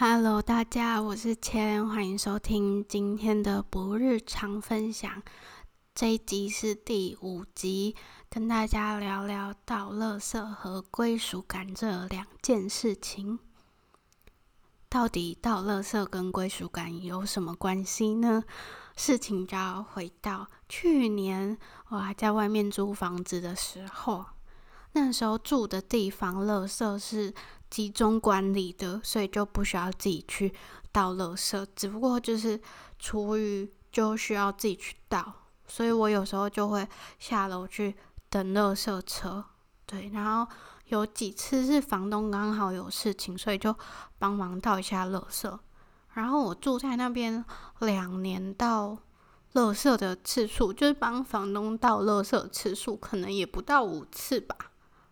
Hello，大家好，我是千，歡迎收聽今天的不日常分享。這一集是第五集，跟大家聊聊倒垃圾和歸屬感這兩件事情。到底倒垃圾跟歸屬感有什麼關係呢？事情就要回到去年，我還在外面租房子的時候，那時候住的地方垃圾是集中管理的，所以就不需要自己去倒垃圾。只不過就是廚餘就需要自己去倒，所以我有時候就會下樓去等垃圾車。對，然後有幾次是房東剛好有事情，所以就幫忙倒一下垃圾。然後我住在那邊兩年，倒垃圾的次數就是幫房東倒垃圾次數，可能也不到五次吧，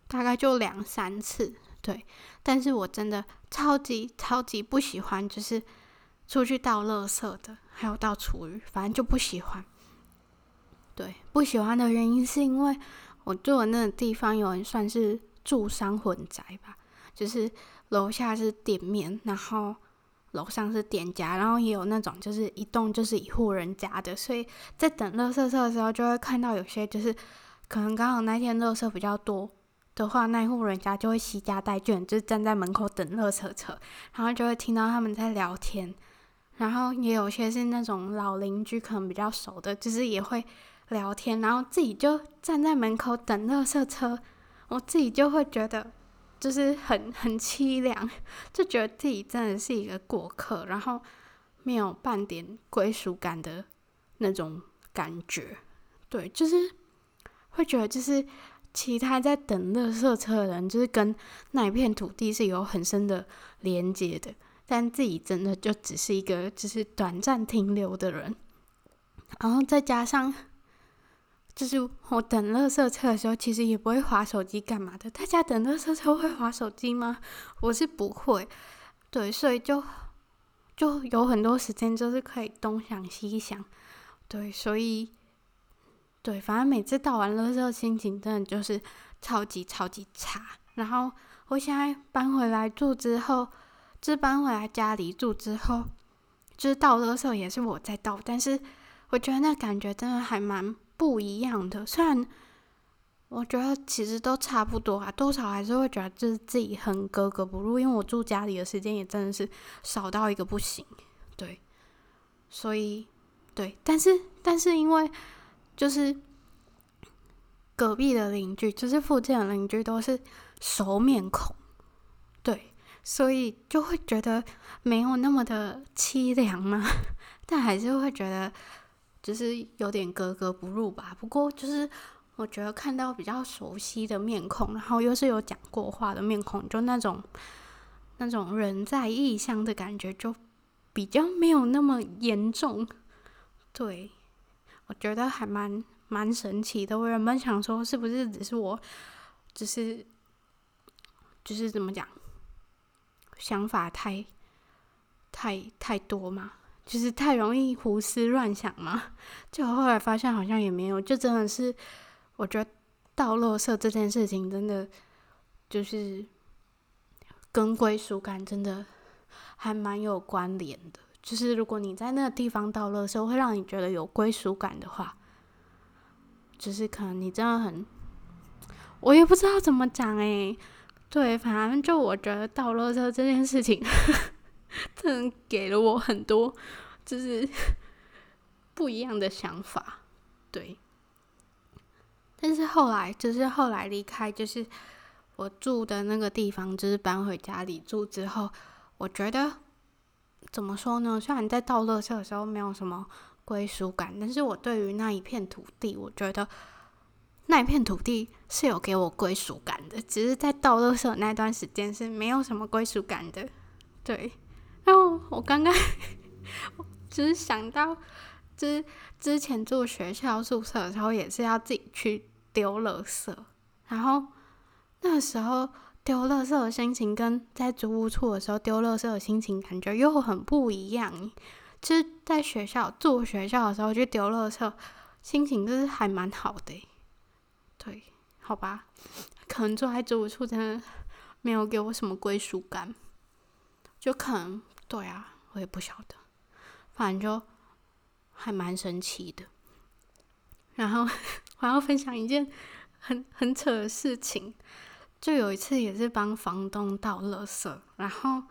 大概就兩三次。對，但是我真的超級超級不喜歡，就是出去倒垃圾的，還有倒廚餘，反正就不喜歡。對，不喜歡的原因是因為我住的那個地方，有人算是住商混宅吧，就是樓下是店面，然後樓上是店家，然後也有那種就是一棟就是一戶人家的，所以在等垃圾車的時候，就會看到有些就是可能剛好那天垃圾比較多。的話，那一戶人家就會攜家帶眷，就站在門口等垃圾車，然後就會聽到他們在聊天，然後也有些是那種老鄰居，可能比較熟的，就是也會聊天，然後自己就站在門口等垃圾車，我自己就會覺得就是很很淒涼，就覺得自己真的是一個過客，然後沒有半點歸屬感的那種感覺，對，就是會覺得就是。其他在等垃圾車的人，就是跟那一片土地是有很深的連接的，但自己真的就只是一個只是短暫停留的人。然後再加上，就是我等垃圾車的時候，其實也不會滑手機幹嘛的。大家等垃圾車會滑手機嗎？我是不會。對，所以就就有很多時間，就是可以東想西想。對，所以。對，反正每次倒完垃圾之後，心情真的就是超級超級差。然後我現在搬回來住之後，就搬回來家裡住之後，就是倒的時候也是我在倒，但是我覺得那感覺真的還蠻不一樣的。雖然我覺得其實都差不多啊，多少還是會覺得就是自己很格格不入，因為我住家裡的時間也真的是少到一個不行。對，所以對，但是但是因為。就是隔壁的鄰居，就是附近的鄰居，都是熟面孔，對，所以就會覺得沒有那麼的淒涼嘛，但還是會覺得就是有點格格不入吧。不過就是我覺得看到比較熟悉的面孔，然後又是有講過話的面孔，就那種那種人在異鄉的感覺，就比較沒有那麼嚴重，對。我覺得還蠻蠻神奇的，我原本想說是不是只是我，只是，就是，就是怎麼講，想法太，太太多嘛，就是太容易胡思亂想嘛。就後來發現好像也沒有，就真的是，我覺得倒垃圾這件事情真的就是跟歸屬感真的還蠻有關聯的。就是如果你在那個地方倒垃圾的時候，會讓你覺得有歸屬感的話，就是可能你真的很，我也不知道怎麼講誒。對，反正就我覺得倒垃圾這件事情，真的給了我很多，就是不一樣的想法。對。但是後來，就是後來離開，就是我住的那個地方，就是搬回家裡住之後，我覺得。怎麼說呢？雖然在倒垃圾的時候沒有什麼歸屬感，但是我對於那一片土地，我覺得那一片土地是有給我歸屬感的。只是在倒垃圾那段時間是沒有什麼歸屬感的。對，然後我剛剛，我只是想到之之前住學校宿舍的時候，也是要自己去丟垃圾，然後那時候。丟垃圾的心情跟在租屋處的時候丟垃圾的心情感覺又很不一樣。就是，在學校住學校的時候去丟垃圾，心情就是還蠻好的。對，好吧，可能住在租屋處真的沒有給我什麼歸屬感，就可能對啊，我也不曉得。反正就還蠻神奇的。然後，我要分享一件很很扯的事情。就有一次也是幫房東倒垃圾，然後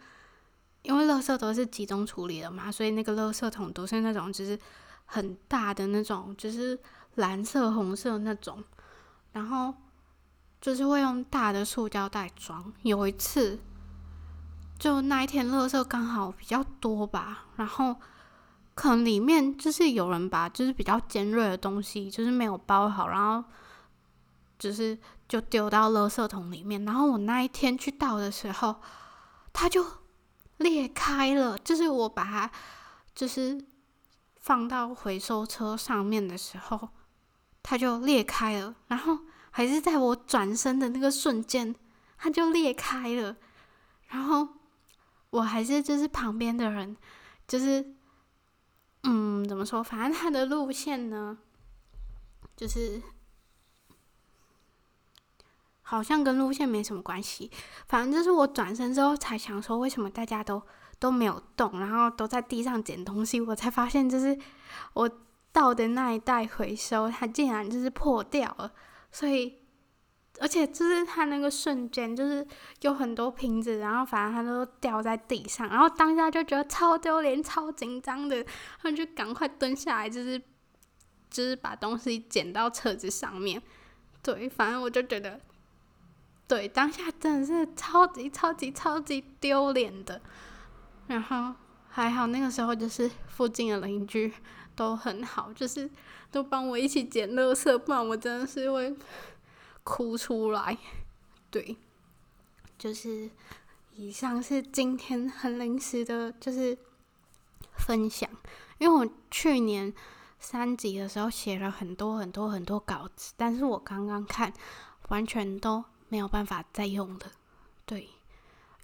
因為垃圾都是集中處理的嘛，所以那個垃圾桶都是那種就是很大的那種，就是藍色、紅色那種，然後就是會用大的塑膠袋裝。有一次，就那一天垃圾剛好比較多吧，然後可能裡面就是有人把就是比較尖銳的東西就是沒有包好，然後就是。就丟到垃圾桶裡面，然後我那一天去倒的時候，它就裂開了。就是我把它，就是放到回收車上面的時候，它就裂開了。然後還是在我轉身的那個瞬間，它就裂開了。然後我還是就是旁邊的人，就是嗯，怎麼說？反正它的路線呢，就是。好像跟路線沒什麼關係，反正就是我轉身之後才想說，為什麼大家都都沒有動，然後都在地上撿東西，我才發現就是我到的那一袋回收，它竟然就是破掉了。所以，而且就是它那個瞬間，就是有很多瓶子，然後反正它都掉在地上，然後當下就覺得超丟臉，超緊張的，然後就趕快蹲下來，就是就是把東西撿到車子上面。對，反正我就覺得。對，當下真的是超級超級超級丟臉的。然後還好那個時候就是附近的鄰居都很好，就是都幫我一起撿垃圾，不然我真的是會哭出來。對，就是以上是今天很臨時的，就是分享。因為我去年三集的時候寫了很多很多很多稿子，但是我剛剛看完全都沒有辦法再用了，對，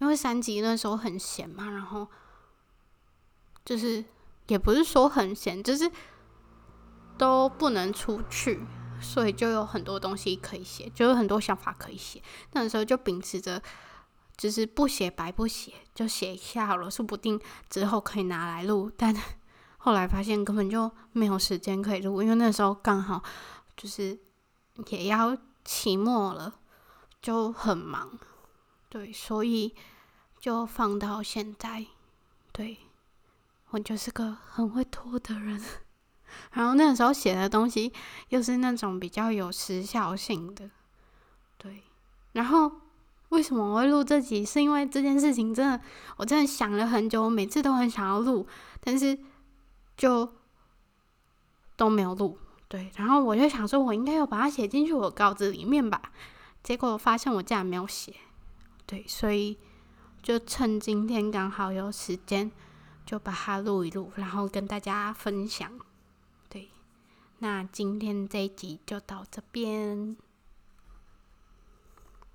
因為三級那時候很閒嘛，然後就是也不是說很閒，就是都不能出去，所以就有很多東西可以寫，就有很多想法可以寫。那時候就秉持着，就是不寫白不寫，就寫一下好了，說不定之後可以拿來錄。但後來發現根本就沒有時間可以錄，因為那時候剛好就是也要期末了。就很忙，對，所以就放到現在。對我就是個很會拖的人，然後那個時候寫的東西又是那種比較有時效性的，對。然後為什麼我會錄這集？是因為這件事情真的，我真的想了很久，我每次都很想要錄，但是就都沒有錄。對，然後我就想說，我應該要把它寫進去我稿子裡面吧。結果發現我竟然沒有寫，對，所以就趁今天剛好有時間，就把它錄一錄，然後跟大家分享。對，那今天這一集就到這邊。